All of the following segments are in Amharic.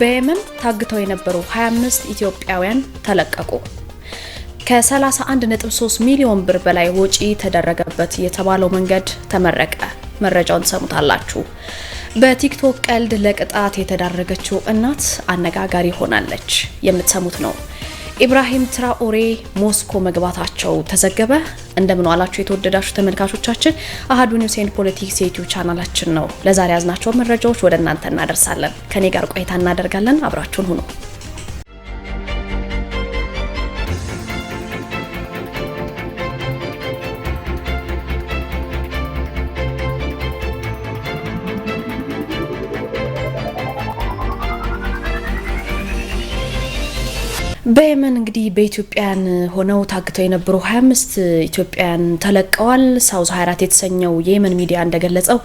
በየመን ታግተው የነበሩ 25 ኢትዮጵያውያን ተለቀቁ። ከ31.3 ሚሊዮን ብር በላይ ወጪ ተደረገበት የተባለው መንገድ ተመረቀ። መረጃውን ትሰሙታላችሁ። በቲክቶክ ቀልድ ለቅጣት የተዳረገችው እናት አነጋጋሪ ሆናለች። የምትሰሙት ነው። ኢብራሂም ትራኦሬ ሞስኮ መግባታቸው ተዘገበ። እንደምን ዋላችሁ የተወደዳችሁ ተመልካቾቻችን፣ አሀዱ ኒውስ ኤንድ ፖለቲክስ የዩቲዩብ ቻናላችን ነው። ለዛሬ ያዝናቸው መረጃዎች ወደ እናንተ እናደርሳለን። ከኔ ጋር ቆይታ እናደርጋለን። አብራችሁን ሁኑ። በየመን እንግዲህ በኢትዮጵያን ሆነው ታግተው የነበሩ 25 ኢትዮጵያን ተለቀዋል። ሳውዝ 24 የተሰኘው የየመን ሚዲያ እንደገለጸው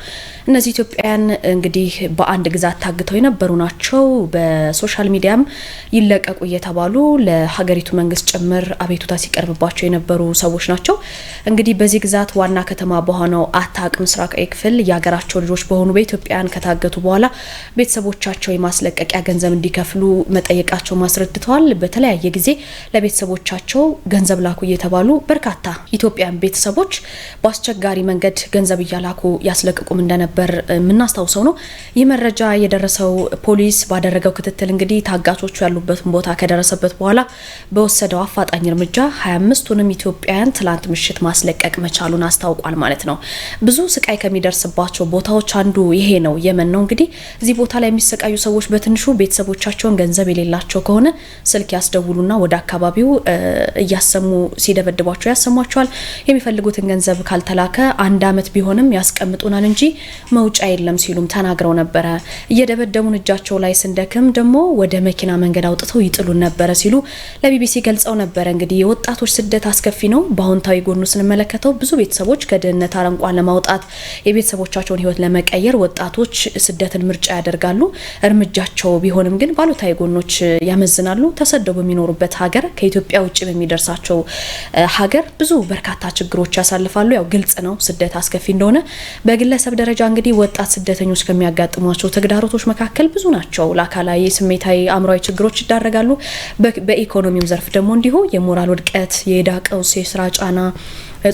እነዚህ ኢትዮጵያን እንግዲህ በአንድ ግዛት ታግተው የነበሩ ናቸው። በሶሻል ሚዲያም ይለቀቁ እየተባሉ ለሀገሪቱ መንግስት ጭምር አቤቱታ ሲቀርብባቸው የነበሩ ሰዎች ናቸው። እንግዲህ በዚህ ግዛት ዋና ከተማ በሆነው አታቅ ምስራቃዊ ክፍል የሀገራቸው ልጆች በሆኑ በኢትዮጵያን ከታገቱ በኋላ ቤተሰቦቻቸው የማስለቀቂያ ገንዘብ እንዲከፍሉ መጠየቃቸው ማስረድተዋል። በተለያዩ በተለያየ ጊዜ ለቤተሰቦቻቸው ገንዘብ ላኩ እየተባሉ በርካታ ኢትዮጵያን ቤተሰቦች በአስቸጋሪ መንገድ ገንዘብ እያላኩ ያስለቅቁም እንደነበር የምናስታውሰው ነው። ይህ መረጃ የደረሰው ፖሊስ ባደረገው ክትትል እንግዲህ ታጋቾቹ ያሉበትን ቦታ ከደረሰበት በኋላ በወሰደው አፋጣኝ እርምጃ 25ቱንም ኢትዮጵያውያን ትላንት ምሽት ማስለቀቅ መቻሉን አስታውቋል ማለት ነው። ብዙ ስቃይ ከሚደርስባቸው ቦታዎች አንዱ ይሄ ነው፣ የመን ነው። እንግዲህ እዚህ ቦታ ላይ የሚሰቃዩ ሰዎች በትንሹ ቤተሰቦቻቸውን ገንዘብ የሌላቸው ከሆነ ስልክ ያስደው እንዲያስተውሉና ወደ አካባቢው እያሰሙ ሲደበድቧቸው ያሰሟቸዋል። የሚፈልጉትን ገንዘብ ካልተላከ አንድ አመት ቢሆንም ያስቀምጡናል እንጂ መውጫ የለም ሲሉም ተናግረው ነበረ። እየደበደቡን እጃቸው ላይ ስንደክም ደግሞ ወደ መኪና መንገድ አውጥተው ይጥሉን ነበረ ሲሉ ለቢቢሲ ገልጸው ነበረ። እንግዲህ የወጣቶች ስደት አስከፊ ነው። በአሁንታዊ ጎኑ ስንመለከተው ብዙ ቤተሰቦች ከድህነት አረንቋ ለማውጣት የቤተሰቦቻቸውን ህይወት ለመቀየር ወጣቶች ስደትን ምርጫ ያደርጋሉ። እርምጃቸው ቢሆንም ግን ባሉታዊ ጎኖች ያመዝናሉ። ተሰደው በሚ በሚኖሩበት ሀገር ከኢትዮጵያ ውጭ በሚደርሳቸው ሀገር ብዙ በርካታ ችግሮች ያሳልፋሉ። ያው ግልጽ ነው ስደት አስከፊ እንደሆነ። በግለሰብ ደረጃ እንግዲህ ወጣት ስደተኞች ከሚያጋጥሟቸው ተግዳሮቶች መካከል ብዙ ናቸው። ለአካላዊ፣ ስሜታዊ፣ አእምሯዊ ችግሮች ይዳረጋሉ። በኢኮኖሚው ዘርፍ ደግሞ እንዲሁ የሞራል ውድቀት፣ የዕዳ ቀውስ፣ የስራ ጫና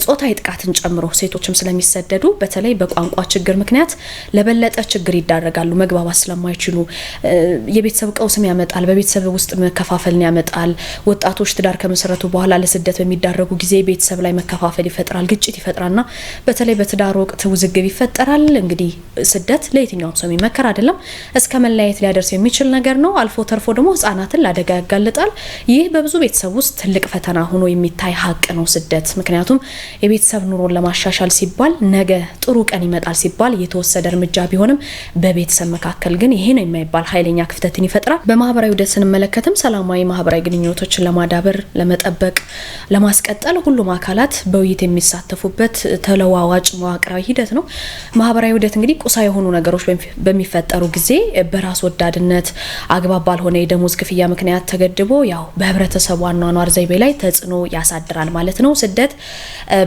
ጾታዊ ጥቃትን ጨምሮ ሴቶችም ስለሚሰደዱ በተለይ በቋንቋ ችግር ምክንያት ለበለጠ ችግር ይዳረጋሉ። መግባባት ስለማይችሉ የቤተሰብ ቀውስም ያመጣል። በቤተሰብ ውስጥ መከፋፈልን ያመጣል። ወጣቶች ትዳር ከመሰረቱ በኋላ ለስደት በሚዳረጉ ጊዜ ቤተሰብ ላይ መከፋፈል ይፈጥራል፣ ግጭት ይፈጥራልና በተለይ በትዳር ወቅት ውዝግብ ይፈጠራል። እንግዲህ ስደት ለየትኛውም ሰው የሚመከር አይደለም፣ እስከ መለያየት ሊያደርስ የሚችል ነገር ነው። አልፎ ተርፎ ደግሞ ህጻናትን ለአደጋ ያጋልጣል። ይህ በብዙ ቤተሰብ ውስጥ ትልቅ ፈተና ሆኖ የሚታይ ሀቅ ነው ስደት ምክንያቱም የቤተሰብ ኑሮን ለማሻሻል ሲባል ነገ ጥሩ ቀን ይመጣል ሲባል የተወሰደ እርምጃ ቢሆንም በቤተሰብ መካከል ግን ይሄ ነው የማይባል ኃይለኛ ክፍተትን ይፈጥራል። በማህበራዊ ውደት ስንመለከትም ሰላማዊ ማህበራዊ ግንኙነቶችን ለማዳበር፣ ለመጠበቅ፣ ለማስቀጠል ሁሉም አካላት በውይይት የሚሳተፉበት ተለዋዋጭ መዋቅራዊ ሂደት ነው። ማህበራዊ ውደት እንግዲህ ቁሳ የሆኑ ነገሮች በሚፈጠሩ ጊዜ በራስ ወዳድነት አግባብ ባልሆነ የደሞዝ ክፍያ ምክንያት ተገድቦ ያው በህብረተሰቡ አኗኗር ዘይቤ ላይ ተጽዕኖ ያሳድራል ማለት ነው። ስደት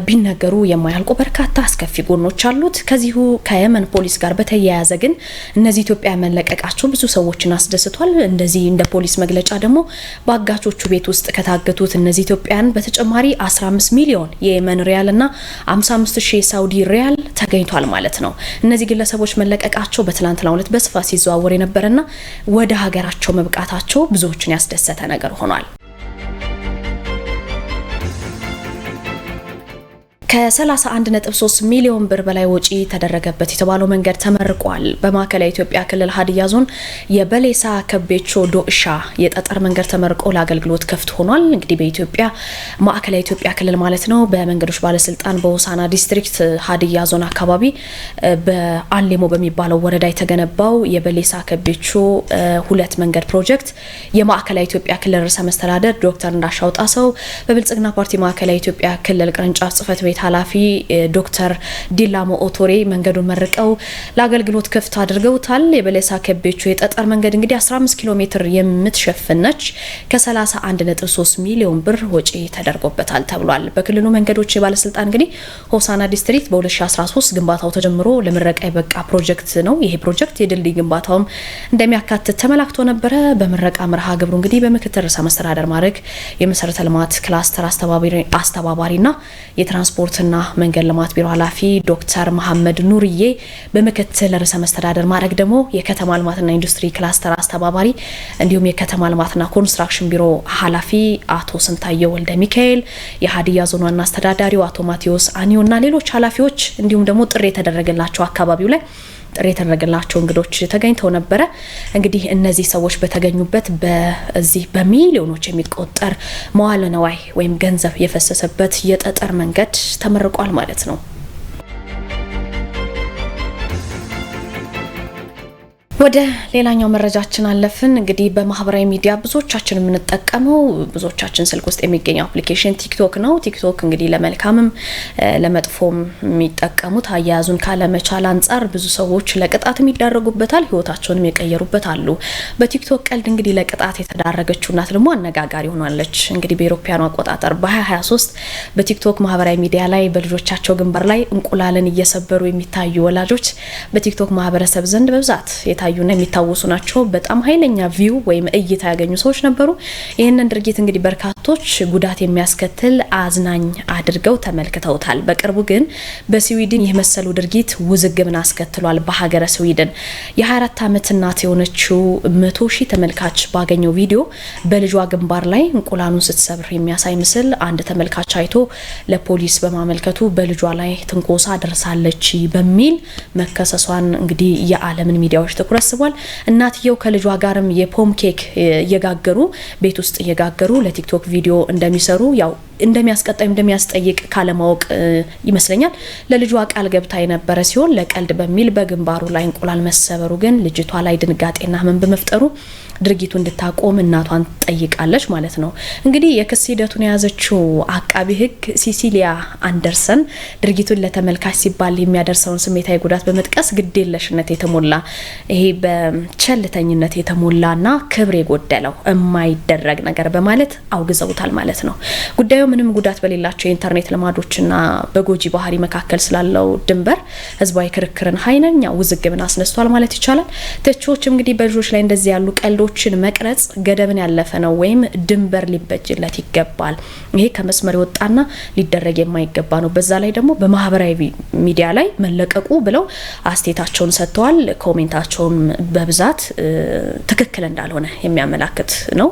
ቢነገሩ የማያልቁ በርካታ አስከፊ ጎኖች አሉት። ከዚሁ ከየመን ፖሊስ ጋር በተያያዘ ግን እነዚህ ኢትዮጵያ መለቀቃቸው ብዙ ሰዎችን አስደስቷል። እንደዚህ እንደ ፖሊስ መግለጫ ደግሞ በአጋቾቹ ቤት ውስጥ ከታገቱት እነዚህ ኢትዮጵያን በተጨማሪ 15 ሚሊዮን የየመን ሪያል እና 55 ሺህ የሳውዲ ሪያል ተገኝቷል ማለት ነው። እነዚህ ግለሰቦች መለቀቃቸው በትላንትናው ዕለት በስፋት ሲዘዋወር የነበረና ወደ ሀገራቸው መብቃታቸው ብዙዎችን ያስደሰተ ነገር ሆኗል። ከ31.3 ሚሊዮን ብር በላይ ወጪ ተደረገበት የተባለው መንገድ ተመርቋል። በማዕከላዊ ኢትዮጵያ ክልል ሀዲያ ዞን የበሌሳ ከቤቾ ዶእሻ የጠጠር መንገድ ተመርቆ ለአገልግሎት ክፍት ሆኗል። እንግዲህ በኢትዮጵያ ማዕከላዊ ኢትዮጵያ ክልል ማለት ነው። በመንገዶች ባለስልጣን በሆሳና ዲስትሪክት ሀዲያ ዞን አካባቢ በአሌሞ በሚባለው ወረዳ የተገነባው የበሌሳ ከቤቾ ሁለት መንገድ ፕሮጀክት የማዕከላዊ ኢትዮጵያ ክልል ርዕሰ መስተዳደር ዶክተር እንዳሻው ጣሰው በብልጽግና ፓርቲ ማዕከላዊ ኢትዮጵያ ክልል ቅርንጫፍ ጽህፈት ቤት ቤት ኃላፊ ዶክተር ዲላሞ ኦቶሬ መንገዱን መርቀው ለአገልግሎት ክፍት አድርገውታል። የበለሳ ከቤቹ የጠጠር መንገድ እንግዲህ 15 ኪሎ ሜትር የምትሸፍን ነች። ከ31.3 ሚሊዮን ብር ወጪ ተደርጎበታል ተብሏል። በክልሉ መንገዶች ባለስልጣን እንግዲህ ሆሳና ዲስትሪክት በ2013 ግንባታው ተጀምሮ ለምረቃ የበቃ ፕሮጀክት ነው። ይሄ ፕሮጀክት የድልድይ ግንባታውም እንደሚያካትት ተመላክቶ ነበረ። በምረቃ መርሃ ግብሩ እንግዲህ በምክትል ርዕሰ መስተዳደር ማድረግ የመሰረተ ልማት ክላስተር አስተባባሪና የትራንስፖርት የትራንስፖርትና መንገድ ልማት ቢሮ ኃላፊ ዶክተር መሐመድ ኑርዬ በምክትል ርዕሰ መስተዳደር ማድረግ ደግሞ የከተማ ልማትና ኢንዱስትሪ ክላስተር አስተባባሪ እንዲሁም የከተማ ልማትና ኮንስትራክሽን ቢሮ ኃላፊ አቶ ስንታየው ወልደ ሚካኤል፣ የሀዲያ ዞን ዋና አስተዳዳሪው አቶ ማቴዎስ አኒዮ እና ሌሎች ኃላፊዎች እንዲሁም ደግሞ ጥሪ የተደረገላቸው አካባቢው ላይ ጥሪ የተደረገላቸው እንግዶች ተገኝተው ነበረ። እንግዲህ እነዚህ ሰዎች በተገኙበት በዚህ በሚሊዮኖች የሚቆጠር መዋለ ነዋይ ወይም ገንዘብ የፈሰሰበት የጠጠር መንገድ ተመርቋል ማለት ነው። ወደ ሌላኛው መረጃችን አለፍን። እንግዲህ በማህበራዊ ሚዲያ ብዙዎቻችን የምንጠቀመው ብዙዎቻችን ስልክ ውስጥ የሚገኘው አፕሊኬሽን ቲክቶክ ነው። ቲክቶክ እንግዲህ ለመልካምም ለመጥፎም የሚጠቀሙት አያያዙን ካለመቻል አንጻር ብዙ ሰዎች ለቅጣትም የሚዳረጉበታል፣ ህይወታቸውንም የቀየሩበት አሉ። በቲክቶክ ቀልድ እንግዲህ ለቅጣት የተዳረገችው እናት ደግሞ አነጋጋሪ ሆናለች። እንግዲህ በአውሮፓውያኑ አቆጣጠር በ2023 በቲክቶክ ማህበራዊ ሚዲያ ላይ በልጆቻቸው ግንባር ላይ እንቁላልን እየሰበሩ የሚታዩ ወላጆች በቲክቶክ ማህበረሰብ ዘንድ በብዛት የሚታዩና የሚታወሱ ናቸው። በጣም ኃይለኛ ቪው ወይም እይታ ያገኙ ሰዎች ነበሩ። ይህንን ድርጊት እንግዲህ በርካቶች ጉዳት የሚያስከትል አዝናኝ አድርገው ተመልክተውታል። በቅርቡ ግን በስዊድን ይህ መሰሉ ድርጊት ውዝግብን አስከትሏል። በሀገረ ስዊድን የ24 ዓመት እናት የሆነችው መቶ ሺህ ተመልካች ባገኘው ቪዲዮ በልጇ ግንባር ላይ እንቁላሉን ስትሰብር የሚያሳይ ምስል አንድ ተመልካች አይቶ ለፖሊስ በማመልከቱ በልጇ ላይ ትንኮሳ ደርሳለች በሚል መከሰሷን እንግዲህ የዓለምን ሚዲያዎች ትኩረት ትኩረት አስቧል። እናትየው ከልጇ ጋርም የፖም ኬክ እየጋገሩ ቤት ውስጥ እየጋገሩ ለቲክቶክ ቪዲዮ እንደሚሰሩ ያው እንደሚያስቀጣይ እንደሚያስጠይቅ ካለማወቅ ይመስለኛል ለልጇ ቃል ገብታ የነበረ ሲሆን ለቀልድ በሚል በግንባሩ ላይ እንቁላል መሰበሩ ግን ልጅቷ ላይ ድንጋጤና ሕመም በመፍጠሩ ድርጊቱ እንድታቆም እናቷን ጠይቃለች ማለት ነው። እንግዲህ የክስ ሂደቱን የያዘችው አቃቢ ህግ ሲሲሊያ አንደርሰን ድርጊቱን ለተመልካች ሲባል የሚያደርሰውን ስሜታዊ ጉዳት በመጥቀስ ግዴለሽነት የተሞላ ይሄ በቸልተኝነት የተሞላና ክብር የጎደለው የማይደረግ ነገር በማለት አውግዘውታል ማለት ነው። ጉዳዩ ምንም ጉዳት በሌላቸው የኢንተርኔት ልማዶችና በጎጂ ባህሪ መካከል ስላለው ድንበር ህዝባዊ ክርክርን ሀይነኛ ውዝግብን አስነስቷል ማለት ይቻላል። ተቺዎች እንግዲህ በልጆች ላይ እንደዚህ ያሉ ቀልዶ ሌሎችን መቅረጽ ገደብን ያለፈ ነው ወይም ድንበር ሊበጅለት ይገባል። ይሄ ከመስመር የወጣና ሊደረግ የማይገባ ነው። በዛ ላይ ደግሞ በማህበራዊ ሚዲያ ላይ መለቀቁ ብለው አስቴታቸውን ሰጥተዋል። ኮሜንታቸውን በብዛት ትክክል እንዳልሆነ የሚያመላክት ነው።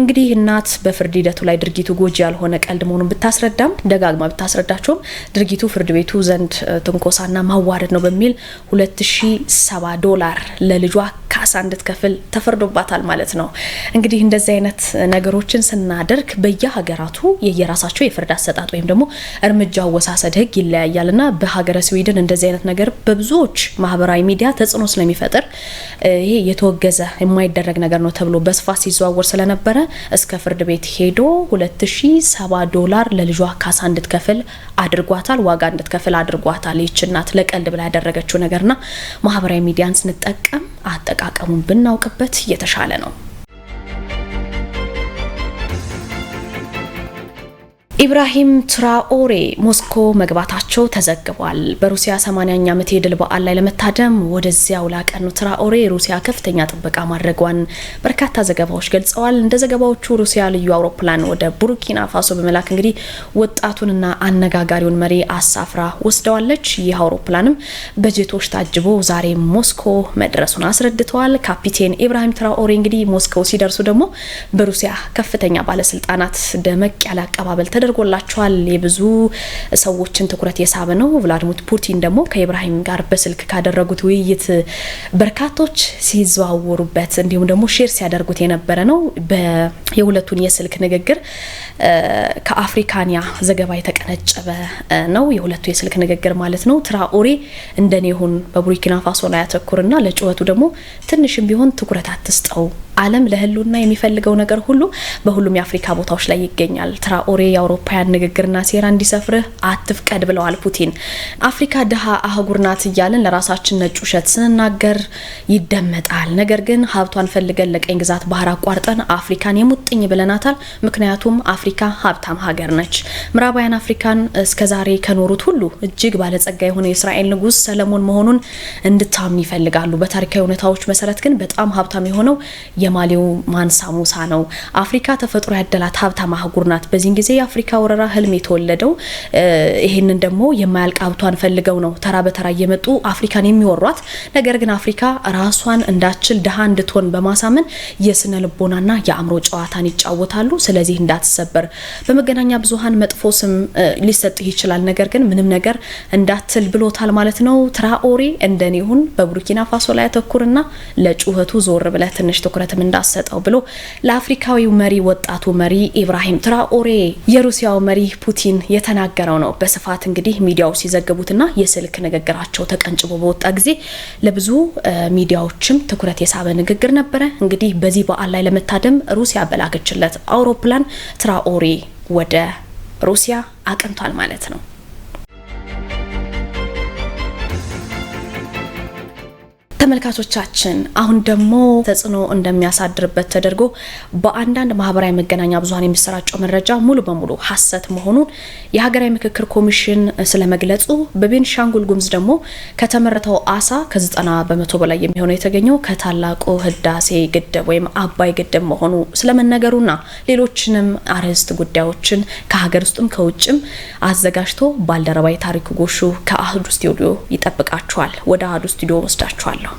እንግዲህ እናት በፍርድ ሂደቱ ላይ ድርጊቱ ጎጂ ያልሆነ ቀልድ መሆኑን ብታስረዳም ደጋግማ ብታስረዳቸውም ድርጊቱ ፍርድ ቤቱ ዘንድ ትንኮሳና ማዋረድ ነው በሚል 2070 ዶላር ለልጇ ካሳ እንድትከፍል ተፈርዶባል። ይኖርባታል ማለት ነው። እንግዲህ እንደዚህ አይነት ነገሮችን ስናደርግ በየሀገራቱ የየራሳቸው የፍርድ አሰጣጥ ወይም ደግሞ እርምጃ አወሳሰድ ህግ ይለያያል እና በሀገረ ስዊድን እንደዚህ አይነት ነገር በብዙዎች ማህበራዊ ሚዲያ ተጽዕኖ ስለሚፈጥር ይሄ የተወገዘ የማይደረግ ነገር ነው ተብሎ በስፋት ሲዘዋወር ስለነበረ እስከ ፍርድ ቤት ሄዶ 2070 ዶላር ለልጇ ካሳ እንድትከፍል አድርጓታል። ዋጋ እንድትከፍል አድርጓታል። ይች እናት ለቀልድ ብላ ያደረገችው ነገርና ማህበራዊ ሚዲያን ስንጠቀም አጠቃቀሙን ብናውቅበት የተሻለ ነው። ኢብራሂም ትራኦሬ ሞስኮ መግባታቸው ተዘግቧል። በሩሲያ 80ኛ ዓመት የድል በዓል ላይ ለመታደም ወደዚያው ላቀኑ ትራኦሬ ሩሲያ ከፍተኛ ጥበቃ ማድረጓን በርካታ ዘገባዎች ገልጸዋል። እንደ ዘገባዎቹ ሩሲያ ልዩ አውሮፕላን ወደ ቡርኪና ፋሶ በመላክ እንግዲህ ወጣቱንና አነጋጋሪውን መሪ አሳፍራ ወስደዋለች። ይህ አውሮፕላንም በጀቶች ታጅቦ ዛሬ ሞስኮ መድረሱን አስረድተዋል። ካፒቴን ኢብራሂም ትራኦሬ እንግዲህ ሞስኮ ሲደርሱ ደግሞ በሩሲያ ከፍተኛ ባለስልጣናት ደመቅ ያለ አቀባበል ተደርጎላቸዋል። የብዙ ሰዎችን ትኩረት የሳበ ነው። ቭላድሚር ፑቲን ደግሞ ከኢብራሂም ጋር በስልክ ካደረጉት ውይይት በርካቶች ሲዘዋወሩበት እንዲሁም ደግሞ ሼር ሲያደርጉት የነበረ ነው። የሁለቱን የስልክ ንግግር ከአፍሪካንያ ዘገባ የተቀነጨበ ነው። የሁለቱ የስልክ ንግግር ማለት ነው። ትራኦሬ እንደኔ ሁን፣ በቡርኪና ፋሶ ላይ ያተኩርና ለጩኸቱ ደግሞ ትንሽም ቢሆን ትኩረት አትስጠው ዓለም ለህልውና የሚፈልገው ነገር ሁሉ በሁሉም የአፍሪካ ቦታዎች ላይ ይገኛል። ትራኦሬ የአውሮፓውያን ንግግርና ሴራ እንዲሰፍርህ አትፍቀድ ብለዋል ፑቲን። አፍሪካ ድሃ አህጉር ናት እያልን ለራሳችን ነጭ ውሸት ስንናገር ይደመጣል። ነገር ግን ሀብቷን ፈልገን ለቀኝ ግዛት ባህር አቋርጠን አፍሪካን የሙጥኝ ብለናታል። ምክንያቱም አፍሪካ ሀብታም ሀገር ነች። ምዕራባውያን አፍሪካን እስከዛሬ ከኖሩት ሁሉ እጅግ ባለጸጋ የሆነ የእስራኤል ንጉስ ሰለሞን መሆኑን እንድታምን ይፈልጋሉ። በታሪካዊ እውነታዎች መሰረት ግን በጣም ሀብታም የሆነው የማሌው ማንሳ ሙሳ ነው። አፍሪካ ተፈጥሮ ያደላት ሀብታም አህጉር ናት። በዚህን ጊዜ የአፍሪካ ወረራ ህልም የተወለደው ይህንን ደግሞ የማያልቅ ሀብቷን ፈልገው ነው ተራ በተራ እየመጡ አፍሪካን የሚወሯት። ነገር ግን አፍሪካ ራሷን እንዳችል ድሃ እንድትሆን በማሳመን የስነ ልቦናና የአእምሮ ጨዋታን ይጫወታሉ። ስለዚህ እንዳትሰበር በመገናኛ ብዙሀን መጥፎ ስም ሊሰጥህ ይችላል። ነገር ግን ምንም ነገር እንዳትል ብሎታል ማለት ነው። ትራኦሬ እንደኔ በቡርኪና ፋሶ ላይ ያተኩርና ለጩኸቱ ዞር ብለህ ትንሽ ትኩረት ዓለም እንዳሰጠው ብሎ ለአፍሪካዊው መሪ ወጣቱ መሪ ኢብራሂም ትራኦሬ የሩሲያው መሪ ፑቲን የተናገረው ነው። በስፋት እንግዲህ ሚዲያው ሲዘግቡትና የስልክ ንግግራቸው ተቀንጭቦ በወጣ ጊዜ ለብዙ ሚዲያዎችም ትኩረት የሳበ ንግግር ነበረ። እንግዲህ በዚህ በዓል ላይ ለመታደም ሩሲያ በላከችለት አውሮፕላን ትራኦሬ ወደ ሩሲያ አቅንቷል ማለት ነው። ተመልካቾቻችን አሁን ደግሞ ተጽዕኖ እንደሚያሳድርበት ተደርጎ በአንዳንድ ማህበራዊ መገናኛ ብዙሀን የሚሰራጨው መረጃ ሙሉ በሙሉ ሀሰት መሆኑን የሀገራዊ ምክክር ኮሚሽን ስለመግለጹ፣ በቤንሻንጉል ጉምዝ ደግሞ ከተመረተው አሳ ከ90 በመቶ በላይ የሚሆነው የተገኘው ከታላቁ ህዳሴ ግድብ ወይም አባይ ግድብ መሆኑ ስለመነገሩና ሌሎችንም አርዕስት ጉዳዮችን ከሀገር ውስጥም ከውጭም አዘጋጅቶ ባልደረባ የታሪክ ጎሹ ከአህዱ ስቱዲዮ ይጠብቃችኋል። ወደ አህዱ ስቱዲዮ ወስዳችኋለሁ።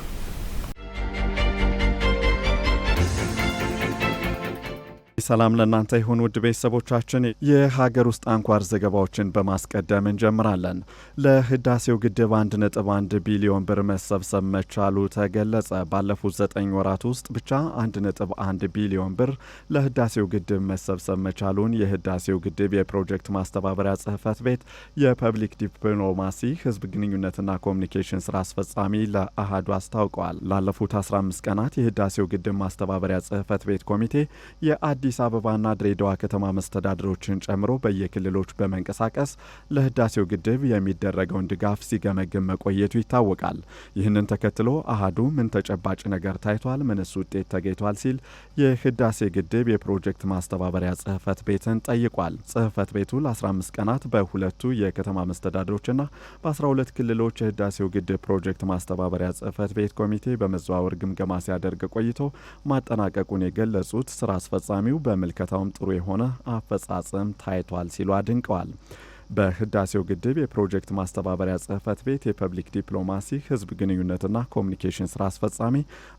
ሰላም ለእናንተ ይሁን ውድ ቤተሰቦቻችን። የሀገር ውስጥ አንኳር ዘገባዎችን በማስቀደም እንጀምራለን። ለህዳሴው ግድብ 1.1 ቢሊዮን ብር መሰብሰብ መቻሉ ተገለጸ። ባለፉት ዘጠኝ ወራት ውስጥ ብቻ 1.1 ቢሊዮን ብር ለህዳሴው ግድብ መሰብሰብ መቻሉን የህዳሴው ግድብ የፕሮጀክት ማስተባበሪያ ጽህፈት ቤት የፐብሊክ ዲፕሎማሲ ህዝብ ግንኙነትና ኮሚኒኬሽን ስራ አስፈጻሚ ለአሃዱ አስታውቀዋል። ላለፉት 15 ቀናት የህዳሴው ግድብ ማስተባበሪያ ጽህፈት ቤት ኮሚቴ የአዲስ የአዲስ አበባና ድሬዳዋ ከተማ መስተዳድሮችን ጨምሮ በየክልሎች በመንቀሳቀስ ለህዳሴው ግድብ የሚደረገውን ድጋፍ ሲገመግም መቆየቱ ይታወቃል። ይህንን ተከትሎ አሃዱ ምን ተጨባጭ ነገር ታይቷል፣ ምንስ ውጤት ተገኝቷል ሲል የህዳሴ ግድብ የፕሮጀክት ማስተባበሪያ ጽህፈት ቤትን ጠይቋል። ጽህፈት ቤቱ ለ15 ቀናት በሁለቱ የከተማ መስተዳድሮችና በ12 ክልሎች የህዳሴው ግድብ ፕሮጀክት ማስተባበሪያ ጽህፈት ቤት ኮሚቴ በመዘዋወር ግምገማ ሲያደርግ ቆይቶ ማጠናቀቁን የገለጹት ስራ አስፈጻሚው በምልከታውም ጥሩ የሆነ አፈጻጸም ታይቷል ሲሉ አድንቀዋል። በህዳሴው ግድብ የፕሮጀክት ማስተባበሪያ ጽህፈት ቤት የፐብሊክ ዲፕሎማሲ ህዝብ ግንኙነትና ኮሚኒኬሽን ስራ አስፈጻሚ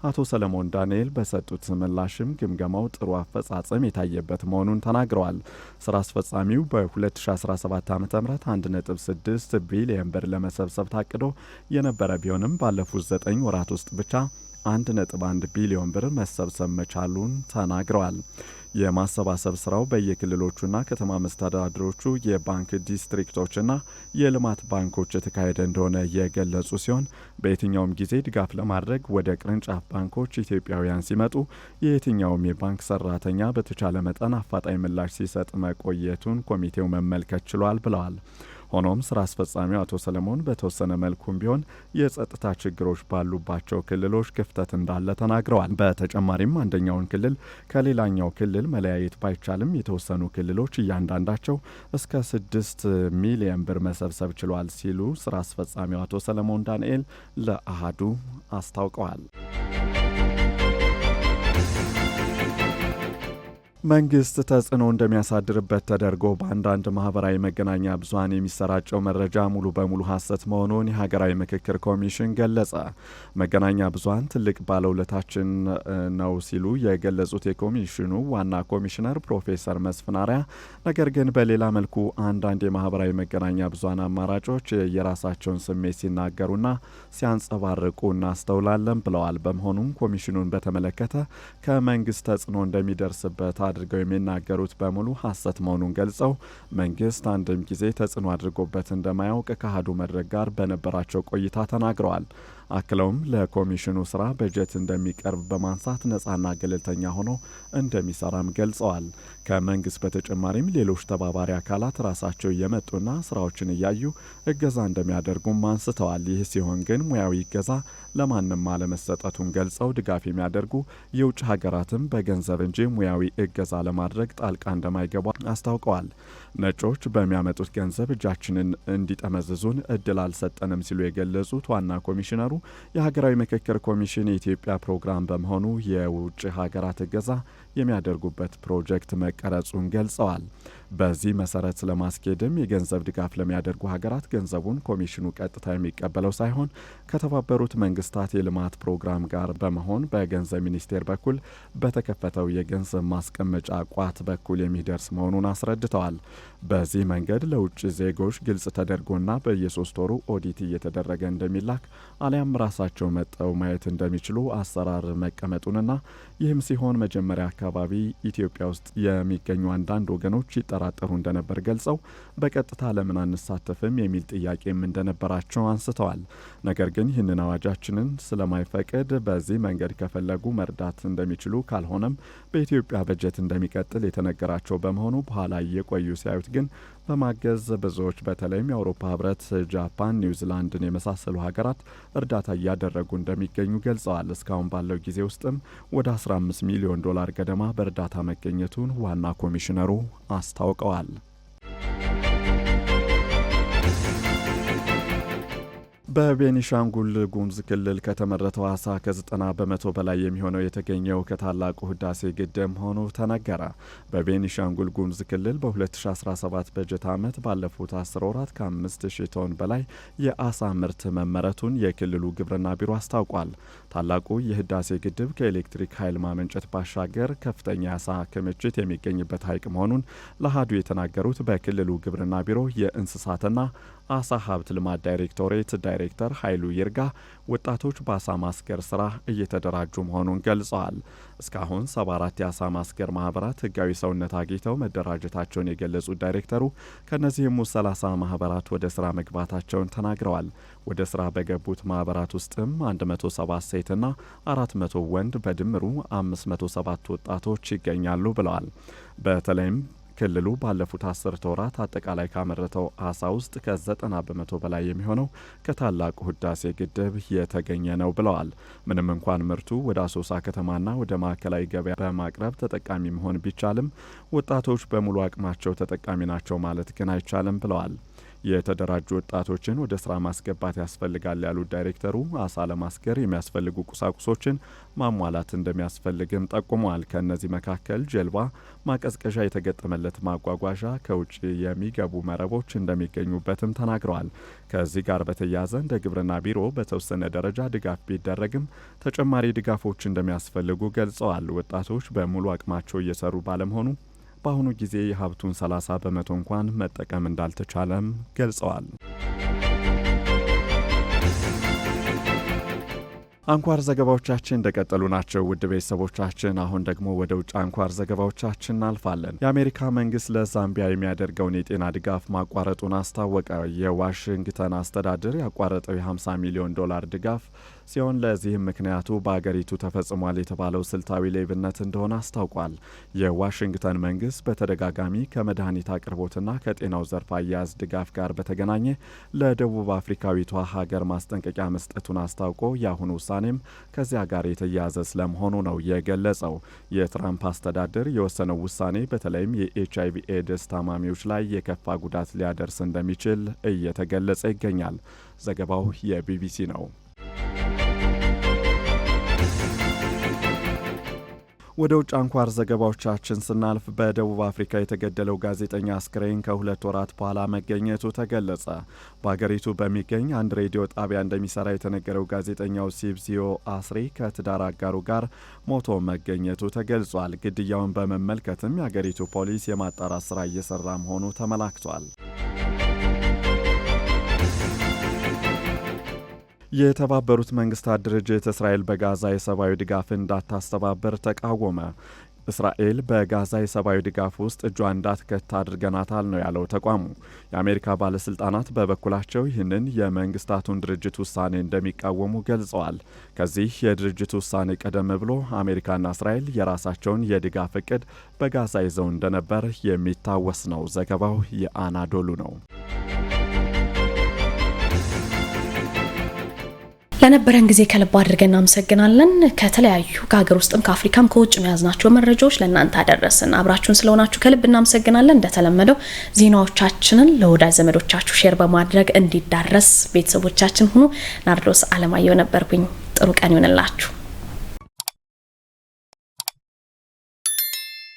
አቶ ሰለሞን ዳንኤል በሰጡት ምላሽም ግምገማው ጥሩ አፈጻጸም የታየበት መሆኑን ተናግረዋል። ስራ አስፈጻሚው በ2017 ዓ ም 1.6 ቢሊየን ብር ለመሰብሰብ ታቅዶ የነበረ ቢሆንም ባለፉት 9 ወራት ውስጥ ብቻ 1.1 ቢሊዮን ብር መሰብሰብ መቻሉን ተናግረዋል። የማሰባሰብ ስራው በየክልሎቹና ከተማ መስተዳድሮቹ የባንክ ዲስትሪክቶችና የልማት ባንኮች የተካሄደ እንደሆነ የገለጹ ሲሆን በየትኛውም ጊዜ ድጋፍ ለማድረግ ወደ ቅርንጫፍ ባንኮች ኢትዮጵያውያን ሲመጡ የየትኛውም የባንክ ሰራተኛ በተቻለ መጠን አፋጣኝ ምላሽ ሲሰጥ መቆየቱን ኮሚቴው መመልከት ችሏል ብለዋል። ሆኖም ስራ አስፈጻሚው አቶ ሰለሞን በተወሰነ መልኩም ቢሆን የጸጥታ ችግሮች ባሉባቸው ክልሎች ክፍተት እንዳለ ተናግረዋል። በተጨማሪም አንደኛውን ክልል ከሌላኛው ክልል መለያየት ባይቻልም የተወሰኑ ክልሎች እያንዳንዳቸው እስከ ስድስት ሚሊየን ብር መሰብሰብ ችሏል ሲሉ ስራ አስፈጻሚው አቶ ሰለሞን ዳንኤል ለአሃዱ አስታውቀዋል። መንግስት ተጽዕኖ እንደሚያሳድርበት ተደርጎ በአንዳንድ ማህበራዊ መገናኛ ብዙሀን የሚሰራጨው መረጃ ሙሉ በሙሉ ሐሰት መሆኑን የሀገራዊ ምክክር ኮሚሽን ገለጸ። መገናኛ ብዙሀን ትልቅ ባለውለታችን ነው ሲሉ የገለጹት የኮሚሽኑ ዋና ኮሚሽነር ፕሮፌሰር መስፍን አርአያ፣ ነገር ግን በሌላ መልኩ አንዳንድ የማህበራዊ መገናኛ ብዙሀን አማራጮች የራሳቸውን ስሜት ሲናገሩና ሲያንጸባርቁ እናስተውላለን ብለዋል። በመሆኑም ኮሚሽኑን በተመለከተ ከመንግስት ተጽዕኖ እንደሚደርስበት አድርገው የሚናገሩት በሙሉ ሐሰት መሆኑን ገልጸው መንግስት አንድም ጊዜ ተጽዕኖ አድርጎበት እንደማያውቅ ከአሀዱ መድረክ ጋር በነበራቸው ቆይታ ተናግረዋል። አክለውም ለኮሚሽኑ ስራ በጀት እንደሚቀርብ በማንሳት ነጻና ገለልተኛ ሆኖ እንደሚሰራም ገልጸዋል። ከመንግስት በተጨማሪም ሌሎች ተባባሪ አካላት ራሳቸው እየመጡና ስራዎችን እያዩ እገዛ እንደሚያደርጉም አንስተዋል። ይህ ሲሆን ግን ሙያዊ እገዛ ለማንም አለመሰጠቱን ገልጸው ድጋፍ የሚያደርጉ የውጭ ሀገራትም በገንዘብ እንጂ ሙያዊ እገዛ ለማድረግ ጣልቃ እንደማይገቡ አስታውቀዋል። ነጮች በሚያመጡት ገንዘብ እጃችንን እንዲጠመዝዙን እድል አልሰጠንም ሲሉ የገለጹት ዋና ኮሚሽነሩ የሀገራዊ ምክክር ኮሚሽን የኢትዮጵያ ፕሮግራም በመሆኑ የውጭ ሀገራት እገዛ የሚያደርጉበት ፕሮጀክት መቀረጹን ገልጸዋል። በዚህ መሰረት ለማስኬድም የገንዘብ ድጋፍ ለሚያደርጉ ሀገራት ገንዘቡን ኮሚሽኑ ቀጥታ የሚቀበለው ሳይሆን ከተባበሩት መንግስታት የልማት ፕሮግራም ጋር በመሆን በገንዘብ ሚኒስቴር በኩል በተከፈተው የገንዘብ ማስቀመጫ ቋት በኩል የሚደርስ መሆኑን አስረድተዋል። በዚህ መንገድ ለውጭ ዜጎች ግልጽ ተደርጎና በየሶስት ወሩ ኦዲት እየተደረገ እንደሚላክ አሊያም ራሳቸው መጠው ማየት እንደሚችሉ አሰራር መቀመጡንና ይህም ሲሆን መጀመሪያ አካባቢ ኢትዮጵያ ውስጥ የሚገኙ አንዳንድ ወገኖች ይጠራጠሩ እንደነበር ገልጸው በቀጥታ ለምን አንሳተፍም የሚል ጥያቄም እንደነበራቸው አንስተዋል። ነገር ግን ይህንን አዋጃችንን ስለማይፈቅድ በዚህ መንገድ ከፈለጉ መርዳት እንደሚችሉ ካልሆነም በኢትዮጵያ በጀት እንደሚቀጥል የተነገራቸው በመሆኑ በኋላ እየቆዩ ሲያዩት ግን በማገዝ ብዙዎች በተለይም የአውሮፓ ህብረት፣ ጃፓን፣ ኒውዚላንድን የመሳሰሉ ሀገራት እርዳታ እያደረጉ እንደሚገኙ ገልጸዋል። እስካሁን ባለው ጊዜ ውስጥም ወደ 15 ሚሊዮን ዶላር ገደማ በእርዳታ መገኘቱን ዋና ኮሚሽነሩ አስታውቀዋል። በቤኒሻንጉል ጉሙዝ ክልል ከተመረተው አሳ ከ90 በመቶ በላይ የሚሆነው የተገኘው ከታላቁ ህዳሴ ግድብ መሆኑ ተነገረ። በቤኒሻንጉል ጉሙዝ ክልል በ2017 በጀት ዓመት ባለፉት 10 ወራት ከ5000 ቶን በላይ የአሳ ምርት መመረቱን የክልሉ ግብርና ቢሮ አስታውቋል። ታላቁ የህዳሴ ግድብ ከኤሌክትሪክ ኃይል ማመንጨት ባሻገር ከፍተኛ የአሳ ክምችት የሚገኝበት ሐይቅ መሆኑን ለአሀዱ የተናገሩት በክልሉ ግብርና ቢሮ የእንስሳትና አሳ ሀብት ልማት ዳይሬክቶሬት ዳይሬክተር ኃይሉ ይርጋ ወጣቶች በአሳ ማስገር ስራ እየተደራጁ መሆኑን ገልጸዋል። እስካሁን 74 የአሳ ማስገር ማህበራት ህጋዊ ሰውነት አግኝተው መደራጀታቸውን የገለጹት ዳይሬክተሩ ከእነዚህም ውስጥ 30 ማህበራት ወደ ስራ መግባታቸውን ተናግረዋል። ወደ ስራ በገቡት ማህበራት ውስጥም 107 ሴትና 400 ወንድ በድምሩ 507 ወጣቶች ይገኛሉ ብለዋል። በተለይም ክልሉ ባለፉት አስር ወራት አጠቃላይ ካመረተው አሳ ውስጥ ከዘጠና በመቶ በላይ የሚሆነው ከታላቁ ህዳሴ ግድብ የተገኘ ነው ብለዋል። ምንም እንኳን ምርቱ ወደ አሶሳ ከተማና ወደ ማዕከላዊ ገበያ በማቅረብ ተጠቃሚ መሆን ቢቻልም ወጣቶች በሙሉ አቅማቸው ተጠቃሚ ናቸው ማለት ግን አይቻልም ብለዋል። የተደራጁ ወጣቶችን ወደ ስራ ማስገባት ያስፈልጋል ያሉት ዳይሬክተሩ አሳ ለማስገር የሚያስፈልጉ ቁሳቁሶችን ማሟላት እንደሚያስፈልግም ጠቁመዋል። ከእነዚህ መካከል ጀልባ፣ ማቀዝቀዣ የተገጠመለት ማጓጓዣ፣ ከውጭ የሚገቡ መረቦች እንደሚገኙበትም ተናግረዋል። ከዚህ ጋር በተያያዘ እንደ ግብርና ቢሮ በተወሰነ ደረጃ ድጋፍ ቢደረግም ተጨማሪ ድጋፎች እንደሚያስፈልጉ ገልጸዋል። ወጣቶች በሙሉ አቅማቸው እየሰሩ ባለመሆኑ በአሁኑ ጊዜ የሀብቱን 30 በመቶ እንኳን መጠቀም እንዳልተቻለም ገልጸዋል። አንኳር ዘገባዎቻችን እንደቀጠሉ ናቸው። ውድ ቤተሰቦቻችን፣ አሁን ደግሞ ወደ ውጭ አንኳር ዘገባዎቻችን እናልፋለን። የአሜሪካ መንግስት ለዛምቢያ የሚያደርገውን የጤና ድጋፍ ማቋረጡን አስታወቀ። የዋሽንግተን አስተዳደር ያቋረጠው የ50 ሚሊዮን ዶላር ድጋፍ ሲሆን ለዚህም ምክንያቱ በአገሪቱ ተፈጽሟል የተባለው ስልታዊ ሌብነት እንደሆነ አስታውቋል። የዋሽንግተን መንግስት በተደጋጋሚ ከመድኃኒት አቅርቦትና ከጤናው ዘርፍ አያያዝ ድጋፍ ጋር በተገናኘ ለደቡብ አፍሪካዊቷ ሀገር ማስጠንቀቂያ መስጠቱን አስታውቆ የአሁኑ ውሳኔም ከዚያ ጋር የተያያዘ ስለመሆኑ ነው የገለጸው። የትራምፕ አስተዳደር የወሰነው ውሳኔ በተለይም የኤች አይቪ ኤድስ ታማሚዎች ላይ የከፋ ጉዳት ሊያደርስ እንደሚችል እየተገለጸ ይገኛል። ዘገባው የቢቢሲ ነው። ወደ ውጭ አንኳር ዘገባዎቻችን ስናልፍ በደቡብ አፍሪካ የተገደለው ጋዜጠኛ አስክሬን ከሁለት ወራት በኋላ መገኘቱ ተገለጸ። በሀገሪቱ በሚገኝ አንድ ሬዲዮ ጣቢያ እንደሚሰራ የተነገረው ጋዜጠኛው ሲብዚዮ አስሪ ከትዳር አጋሩ ጋር ሞቶ መገኘቱ ተገልጿል። ግድያውን በመመልከትም የአገሪቱ ፖሊስ የማጣራት ስራ እየሰራ መሆኑ ተመላክቷል። የተባበሩት መንግስታት ድርጅት እስራኤል በጋዛ የሰብአዊ ድጋፍ እንዳታስተባበር ተቃወመ። እስራኤል በጋዛ የሰብአዊ ድጋፍ ውስጥ እጇ እንዳትከት አድርገናታል ነው ያለው ተቋሙ። የአሜሪካ ባለስልጣናት በበኩላቸው ይህንን የመንግስታቱን ድርጅት ውሳኔ እንደሚቃወሙ ገልጸዋል። ከዚህ የድርጅት ውሳኔ ቀደም ብሎ አሜሪካና እስራኤል የራሳቸውን የድጋፍ እቅድ በጋዛ ይዘው እንደነበር የሚታወስ ነው። ዘገባው የአናዶሉ ነው። ለነበረን ጊዜ ከልብ አድርገን እናመሰግናለን። ከተለያዩ ከሀገር ውስጥም ከአፍሪካም ከውጭም የያዝናቸው መረጃዎች ለእናንተ አደረስን። አብራችሁን ስለሆናችሁ ከልብ እናመሰግናለን። እንደተለመደው ዜናዎቻችንን ለወዳጅ ዘመዶቻችሁ ሼር በማድረግ እንዲዳረስ ቤተሰቦቻችን ሁኑ። ናርዶስ አለማየሁ ነበርኩኝ። ጥሩ ቀን ይሆንላችሁ።